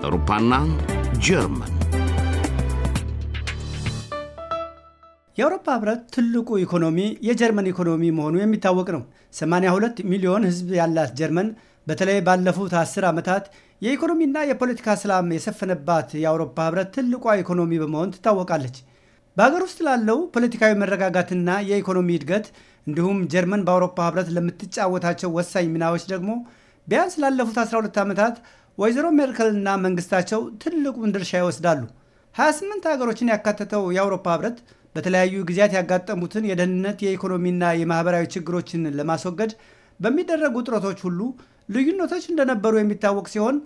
አውሮፓና ጀርመን የአውሮፓ ህብረት ትልቁ ኢኮኖሚ የጀርመን ኢኮኖሚ መሆኑ የሚታወቅ ነው። 82 ሚሊዮን ህዝብ ያላት ጀርመን በተለይ ባለፉት አስር ዓመታት የኢኮኖሚና የፖለቲካ ሰላም የሰፈነባት የአውሮፓ ህብረት ትልቋ ኢኮኖሚ በመሆን ትታወቃለች። በሀገር ውስጥ ላለው ፖለቲካዊ መረጋጋትና የኢኮኖሚ እድገት እንዲሁም ጀርመን በአውሮፓ ህብረት ለምትጫወታቸው ወሳኝ ሚናዎች ደግሞ ቢያንስ ላለፉት 12 ዓመታት ወይዘሮ ሜርከልና መንግስታቸው ትልቁን ድርሻ ይወስዳሉ። 28 ሀገሮችን ያካተተው የአውሮፓ ህብረት በተለያዩ ጊዜያት ያጋጠሙትን የደህንነት የኢኮኖሚና የማህበራዊ ችግሮችን ለማስወገድ በሚደረጉ ጥረቶች ሁሉ ልዩነቶች እንደነበሩ የሚታወቅ ሲሆን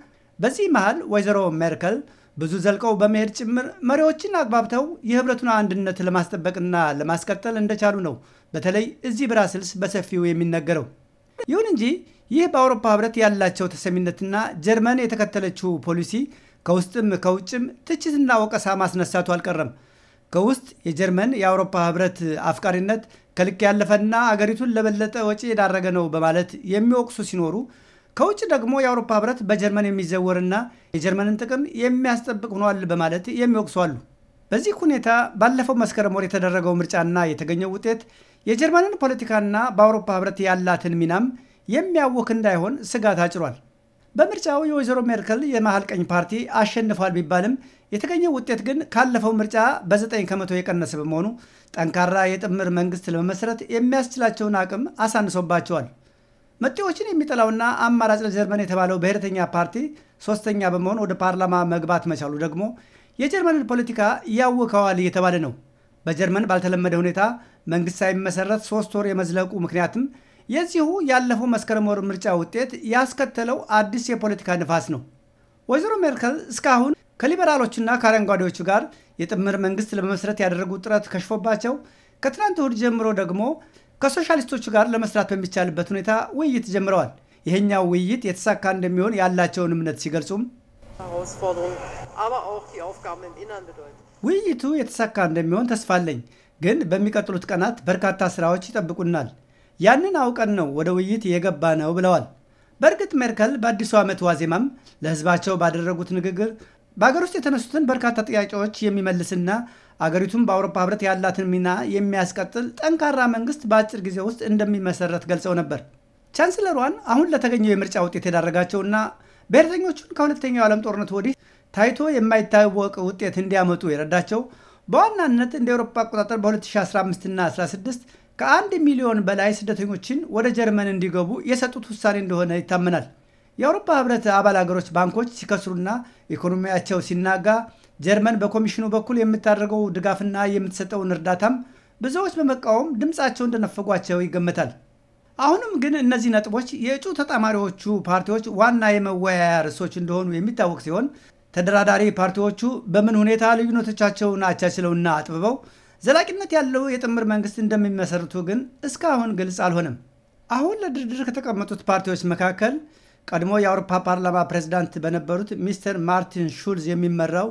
በዚህ መሃል ወይዘሮ ሜርከል ብዙ ዘልቀው በመሄድ ጭምር መሪዎችን አግባብተው የህብረቱን አንድነት ለማስጠበቅና ለማስቀጠል እንደቻሉ ነው በተለይ እዚህ ብራስልስ በሰፊው የሚነገረው። ይሁን እንጂ ይህ በአውሮፓ ህብረት ያላቸው ተሰሚነትና ጀርመን የተከተለችው ፖሊሲ ከውስጥም ከውጭም ትችትና ወቀሳ ማስነሳቱ አልቀረም። ከውስጥ የጀርመን የአውሮፓ ህብረት አፍቃሪነት ከልክ ያለፈና አገሪቱን ለበለጠ ወጪ የዳረገ ነው በማለት የሚወቅሱ ሲኖሩ ከውጭ ደግሞ የአውሮፓ ህብረት በጀርመን የሚዘወርና የጀርመንን ጥቅም የሚያስጠብቅ ሆኗል በማለት የሚወቅሱ አሉ። በዚህ ሁኔታ ባለፈው መስከረም ወር የተደረገው ምርጫና የተገኘው ውጤት የጀርመንን ፖለቲካና በአውሮፓ ህብረት ያላትን ሚናም የሚያውክ እንዳይሆን ስጋት አጭሯል። በምርጫው የወይዘሮ ሜርከል የመሀል ቀኝ ፓርቲ አሸንፏል ቢባልም የተገኘው ውጤት ግን ካለፈው ምርጫ በ9 ከመቶ የቀነሰ በመሆኑ ጠንካራ የጥምር መንግስት ለመመስረት የሚያስችላቸውን አቅም አሳንሶባቸዋል። መጤዎችን የሚጠላውና አማራጭ ለጀርመን የተባለው ብሔርተኛ ፓርቲ ሶስተኛ በመሆን ወደ ፓርላማ መግባት መቻሉ ደግሞ የጀርመንን ፖለቲካ ያውከዋል እየተባለ ነው። በጀርመን ባልተለመደ ሁኔታ መንግስት ሳይመሰረት ሶስት ወር የመዝለቁ ምክንያትም የዚሁ ያለፈው መስከረም ወር ምርጫ ውጤት ያስከተለው አዲስ የፖለቲካ ንፋስ ነው። ወይዘሮ ሜርከል እስካሁን ከሊበራሎችና ከአረንጓዴዎቹ ጋር የጥምር መንግስት ለመመስረት ያደረጉ ጥረት ከሽፎባቸው ከትናንት እሁድ ጀምሮ ደግሞ ከሶሻሊስቶቹ ጋር ለመስራት በሚቻልበት ሁኔታ ውይይት ጀምረዋል። ይሄኛው ውይይት የተሳካ እንደሚሆን ያላቸውን እምነት ሲገልጹም ውይይቱ የተሳካ እንደሚሆን ተስፋለኝ ግን በሚቀጥሉት ቀናት በርካታ ስራዎች ይጠብቁናል። ያንን አውቀን ነው ወደ ውይይት የገባ ነው ብለዋል። በእርግጥ ሜርከል በአዲሱ ዓመት ዋዜማም ለሕዝባቸው ባደረጉት ንግግር በሀገር ውስጥ የተነሱትን በርካታ ጥያቄዎች የሚመልስና አገሪቱም በአውሮፓ ህብረት ያላትን ሚና የሚያስቀጥል ጠንካራ መንግስት በአጭር ጊዜ ውስጥ እንደሚመሰረት ገልጸው ነበር። ቻንስለሯን አሁን ለተገኘው የምርጫ ውጤት የዳረጋቸውና ብሔርተኞቹን ከሁለተኛው የዓለም ጦርነት ወዲህ ታይቶ የማይታወቅ ውጤት እንዲያመጡ የረዳቸው በዋናነት እንደ ኤውሮፓ አቆጣጠር በ2015ና 16 ከአንድ ሚሊዮን በላይ ስደተኞችን ወደ ጀርመን እንዲገቡ የሰጡት ውሳኔ እንደሆነ ይታመናል። የአውሮፓ ህብረት አባል ሀገሮች ባንኮች ሲከስሩና ኢኮኖሚያቸው ሲናጋ ጀርመን በኮሚሽኑ በኩል የምታደርገው ድጋፍና የምትሰጠውን እርዳታም ብዙዎች በመቃወም ድምፃቸው እንደነፈጓቸው ይገመታል። አሁንም ግን እነዚህ ነጥቦች የእጩ ተጣማሪዎቹ ፓርቲዎች ዋና የመወያያ ርዕሶች እንደሆኑ የሚታወቅ ሲሆን ተደራዳሪ ፓርቲዎቹ በምን ሁኔታ ልዩነቶቻቸውን አቻችለውና አጥብበው ዘላቂነት ያለው የጥምር መንግስት እንደሚመሰርቱ ግን እስካሁን ግልጽ አልሆነም። አሁን ለድርድር ከተቀመጡት ፓርቲዎች መካከል ቀድሞ የአውሮፓ ፓርላማ ፕሬዝዳንት በነበሩት ሚስተር ማርቲን ሹልዝ የሚመራው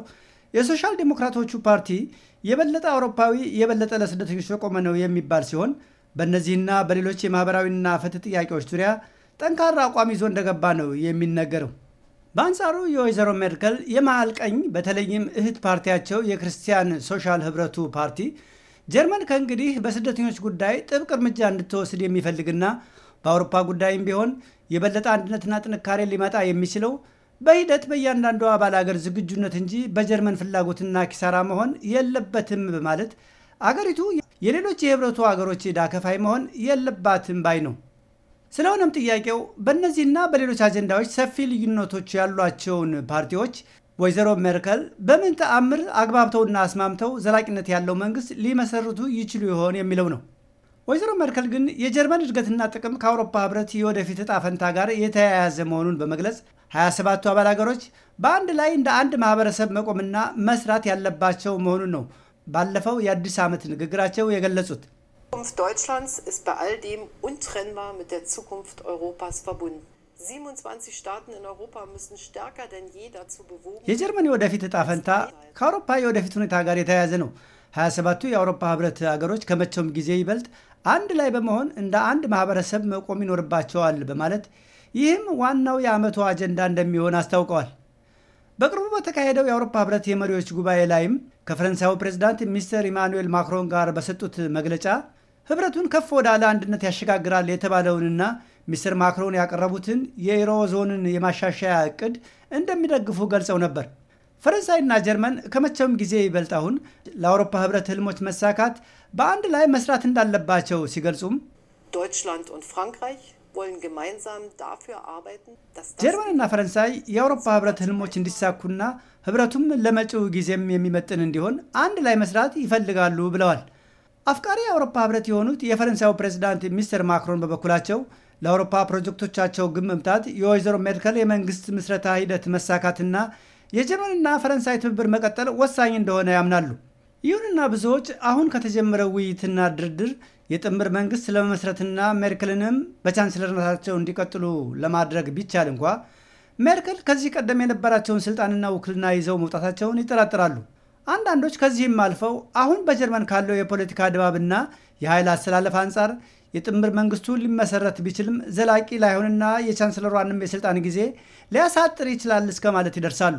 የሶሻል ዴሞክራቶቹ ፓርቲ የበለጠ አውሮፓዊ የበለጠ ለስደተኞች የቆመ ነው የሚባል ሲሆን በእነዚህና በሌሎች የማህበራዊና ፍትህ ጥያቄዎች ዙሪያ ጠንካራ አቋም ይዞ እንደገባ ነው የሚነገረው። በአንጻሩ የወይዘሮ ሜርከል የመሀል ቀኝ በተለይም እህት ፓርቲያቸው የክርስቲያን ሶሻል ህብረቱ ፓርቲ ጀርመን ከእንግዲህ በስደተኞች ጉዳይ ጥብቅ እርምጃ እንድትወስድ የሚፈልግና በአውሮፓ ጉዳይም ቢሆን የበለጠ አንድነትና ጥንካሬ ሊመጣ የሚችለው በሂደት በእያንዳንዱ አባል አገር ዝግጁነት እንጂ በጀርመን ፍላጎትና ኪሳራ መሆን የለበትም በማለት አገሪቱ የሌሎች የህብረቱ አገሮች ዕዳ ከፋይ መሆን የለባትም ባይ ነው። ስለሆነም ጥያቄው በእነዚህና በሌሎች አጀንዳዎች ሰፊ ልዩነቶች ያሏቸውን ፓርቲዎች ወይዘሮ ሜርከል በምን ተአምር አግባብተውና አስማምተው ዘላቂነት ያለው መንግስት ሊመሰርቱ ይችሉ ይሆን የሚለው ነው። ወይዘሮ መርከል ግን የጀርመን እድገትና ጥቅም ከአውሮፓ ህብረት የወደፊት እጣ ፈንታ ጋር የተያያዘ መሆኑን በመግለጽ 27ቱ አባል ሀገሮች በአንድ ላይ እንደ አንድ ማህበረሰብ መቆምና መስራት ያለባቸው መሆኑን ነው ባለፈው የአዲስ ዓመት ንግግራቸው የገለጹት። የጀርመን የወደፊት እጣ ፈንታ ከአውሮፓ የወደፊት ሁኔታ ጋር የተያያዘ ነው። 27ቱ የአውሮፓ ህብረት ሀገሮች ከመቼውም ጊዜ ይበልጥ አንድ ላይ በመሆን እንደ አንድ ማህበረሰብ መቆም ይኖርባቸዋል በማለት ይህም ዋናው የአመቱ አጀንዳ እንደሚሆን አስታውቀዋል። በቅርቡ በተካሄደው የአውሮፓ ህብረት የመሪዎች ጉባኤ ላይም ከፈረንሳዩ ፕሬዚዳንት ሚስተር ኢማኑኤል ማክሮን ጋር በሰጡት መግለጫ ህብረቱን ከፍ ወዳለ አንድነት ያሸጋግራል የተባለውንና ሚስተር ማክሮን ያቀረቡትን የኢሮዞንን የማሻሻያ እቅድ እንደሚደግፉ ገልጸው ነበር። ፈረንሳይና ጀርመን ከመቼውም ጊዜ ይበልጥ አሁን ለአውሮፓ ህብረት ህልሞች መሳካት በአንድ ላይ መስራት እንዳለባቸው ሲገልጹም ጀርመንና ፈረንሳይ የአውሮፓ ህብረት ህልሞች እንዲሳኩና ህብረቱም ለመጪው ጊዜም የሚመጥን እንዲሆን አንድ ላይ መስራት ይፈልጋሉ ብለዋል። አፍቃሪ የአውሮፓ ህብረት የሆኑት የፈረንሳዩ ፕሬዚዳንት ሚስተር ማክሮን በበኩላቸው ለአውሮፓ ፕሮጀክቶቻቸው ግብ መምታት የወይዘሮ ሜርከል የመንግስት ምስረታ ሂደት መሳካትና የጀርመንና ፈረንሳይ ትብብር መቀጠል ወሳኝ እንደሆነ ያምናሉ። ይሁንና ብዙዎች አሁን ከተጀመረው ውይይትና ድርድር የጥምር መንግስት ለመመስረትና ሜርክልንም በቻንስለርነታቸው እንዲቀጥሉ ለማድረግ ቢቻል እንኳ ሜርክል ከዚህ ቀደም የነበራቸውን ስልጣንና ውክልና ይዘው መውጣታቸውን ይጠራጥራሉ። አንዳንዶች ከዚህም አልፈው አሁን በጀርመን ካለው የፖለቲካ ድባብና የኃይል አሰላለፍ አንጻር የጥምር መንግስቱ ሊመሰረት ቢችልም ዘላቂ ላይሆንና የቻንስለሯንም የስልጣን ጊዜ ሊያሳጥር ይችላል እስከ ማለት ይደርሳሉ።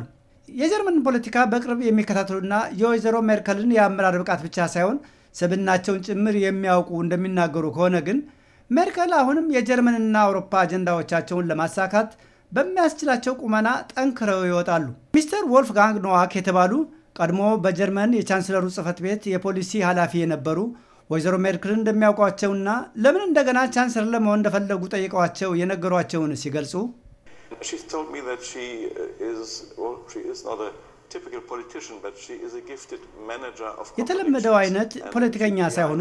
የጀርመን ፖለቲካ በቅርብ የሚከታተሉና የወይዘሮ ሜርከልን የአመራር ብቃት ብቻ ሳይሆን ስብናቸውን ጭምር የሚያውቁ እንደሚናገሩ ከሆነ ግን ሜርከል አሁንም የጀርመንና አውሮፓ አጀንዳዎቻቸውን ለማሳካት በሚያስችላቸው ቁመና ጠንክረው ይወጣሉ። ሚስተር ወልፍጋንግ ኖዋክ የተባሉ ቀድሞ በጀርመን የቻንስለሩ ጽህፈት ቤት የፖሊሲ ኃላፊ የነበሩ ወይዘሮ ሜርክል እንደሚያውቋቸውና ለምን እንደገና ቻንስለር ለመሆን እንደፈለጉ ጠይቀዋቸው የነገሯቸውን ሲገልጹ she's told me that she uh, is, well, she is not a የተለመደው አይነት ፖለቲከኛ ሳይሆኑ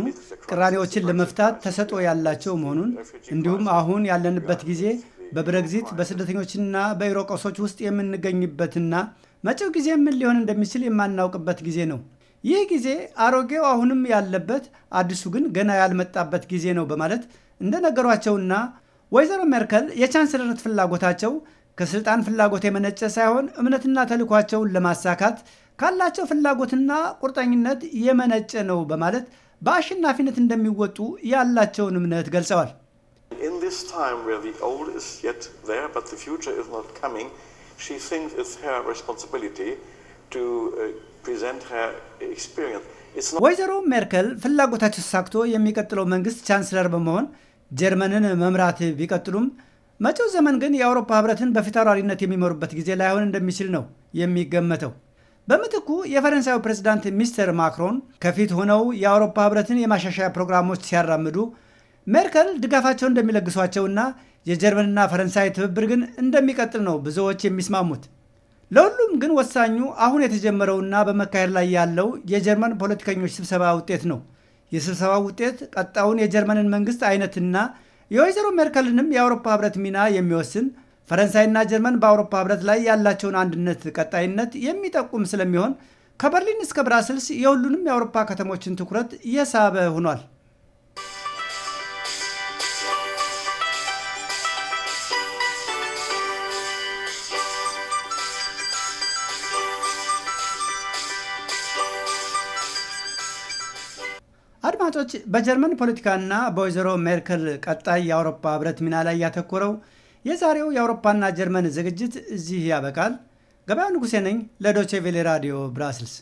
ቅራኔዎችን ለመፍታት ተሰጥኦ uh, ያላቸው መሆኑን እንዲሁም አሁን ያለንበት ጊዜ በብረግዚት በስደተኞችና በኢሮቆሶች ውስጥ የምንገኝበትና መጪው ጊዜ ምን ሊሆን እንደሚችል የማናውቅበት ጊዜ ነው። ይህ ጊዜ አሮጌው አሁንም ያለበት አዲሱ ግን ገና ያልመጣበት ጊዜ ነው በማለት እንደነገሯቸውና ወይዘሮ ሜርከል የቻንስለርነት ፍላጎታቸው ከስልጣን ፍላጎት የመነጨ ሳይሆን እምነትና ተልኳቸውን ለማሳካት ካላቸው ፍላጎትና ቁርጠኝነት የመነጨ ነው በማለት በአሸናፊነት እንደሚወጡ ያላቸውን እምነት ገልጸዋል። uh, ወይዘሮ ሜርከል ፍላጎታቸው ተሳክቶ የሚቀጥለው መንግስት ቻንስለር በመሆን ጀርመንን መምራት ቢቀጥሉም መጪው ዘመን ግን የአውሮፓ ህብረትን በፊታውራሪነት የሚመሩበት ጊዜ ላይሆን እንደሚችል ነው የሚገመተው። በምትኩ የፈረንሳዩ ፕሬዚዳንት ሚስተር ማክሮን ከፊት ሆነው የአውሮፓ ህብረትን የማሻሻያ ፕሮግራሞች ሲያራምዱ ሜርከል ድጋፋቸውን እንደሚለግሷቸውና የጀርመንና ፈረንሳይ ትብብር ግን እንደሚቀጥል ነው ብዙዎች የሚስማሙት። ለሁሉም ግን ወሳኙ አሁን የተጀመረውና በመካሄድ ላይ ያለው የጀርመን ፖለቲከኞች ስብሰባ ውጤት ነው። የስብሰባ ውጤት ቀጣውን የጀርመንን መንግስት አይነትና የወይዘሮ ሜርከልንም የአውሮፓ ህብረት ሚና የሚወስን ፈረንሳይና ጀርመን በአውሮፓ ህብረት ላይ ያላቸውን አንድነት ቀጣይነት የሚጠቁም ስለሚሆን ከበርሊን እስከ ብራስልስ የሁሉንም የአውሮፓ ከተሞችን ትኩረት የሳበ ሆኗል። አድማጮች በጀርመን ፖለቲካና በወይዘሮ ሜርከል ቀጣይ የአውሮፓ ህብረት ሚና ላይ ያተኮረው የዛሬው የአውሮፓና ጀርመን ዝግጅት እዚህ ያበቃል። ገበያው ንጉሴ ነኝ ለዶቼቬሌ ራዲዮ ብራስልስ።